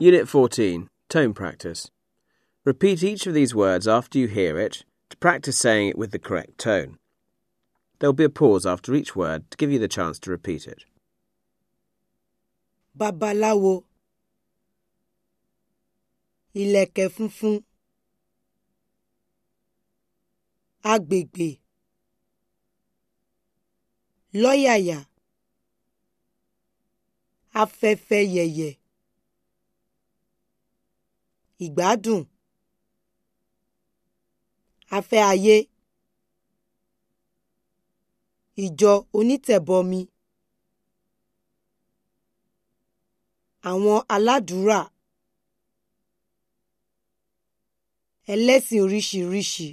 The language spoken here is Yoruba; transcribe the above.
Unit 14 Tone Practice. Repeat each of these words after you hear it to practice saying it with the correct tone. There will be a pause after each word to give you the chance to repeat it. Babaláwo Ìlẹ̀kẹ̀ funfun Agbègbè Lọ́yàyà Afẹ́fẹ́ yẹ̀yẹ̀ ìgbádùn afẹ́ ayé ìjọ onítẹ̀bọmi àwọn aládùúrà ẹlẹ́sìn oríṣiríṣi.